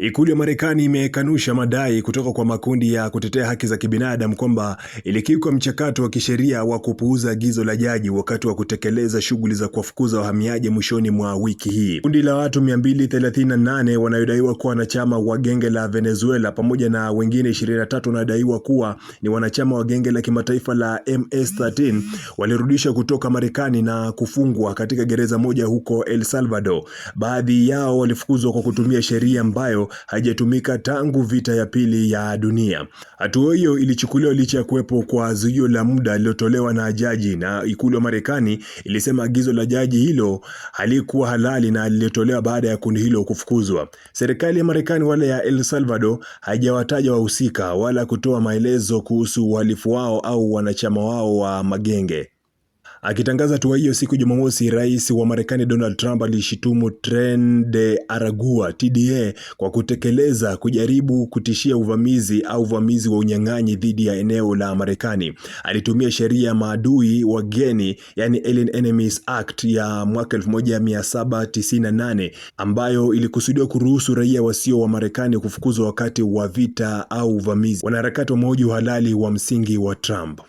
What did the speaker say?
Ikulu ya Marekani imekanusha madai kutoka kwa makundi ya kutetea haki za kibinadamu kwamba ilikiuka mchakato wa kisheria wa kupuuza agizo la jaji wakati wa kutekeleza shughuli za kuwafukuza wahamiaji mwishoni mwa wiki hii. Kundi la watu 238 wanayodaiwa kuwa wanachama wa genge la Venezuela pamoja na wengine 23 wanadaiwa kuwa ni wanachama wa genge la kimataifa la MS-13 walirudishwa kutoka Marekani na kufungwa katika gereza moja huko El Salvador. Baadhi yao walifukuzwa kwa kutumia sheria ambayo haijatumika tangu vita ya pili ya dunia. Hatua hiyo ilichukuliwa licha ya kuwepo kwa zuio la muda lililotolewa na jaji, na ikulu ya Marekani ilisema agizo la jaji hilo halikuwa halali na lilitolewa baada ya kundi hilo kufukuzwa. Serikali ya Marekani wala ya El Salvador haijawataja wahusika wala kutoa maelezo kuhusu uhalifu wao au wanachama wao wa magenge. Akitangaza hatua hiyo siku ya Jumamosi, rais wa Marekani Donald Trump alishitumu Tren de Aragua TDA kwa kutekeleza kujaribu kutishia uvamizi au uvamizi wa unyang'anyi dhidi ya eneo la Marekani. Alitumia sheria ya maadui wageni, yani Alien Enemies Act ya mwaka 1798 ambayo ilikusudiwa kuruhusu raia wasio wa Marekani kufukuzwa wakati wa vita au uvamizi, wanaharakati wa mauji halali wa msingi wa Trump.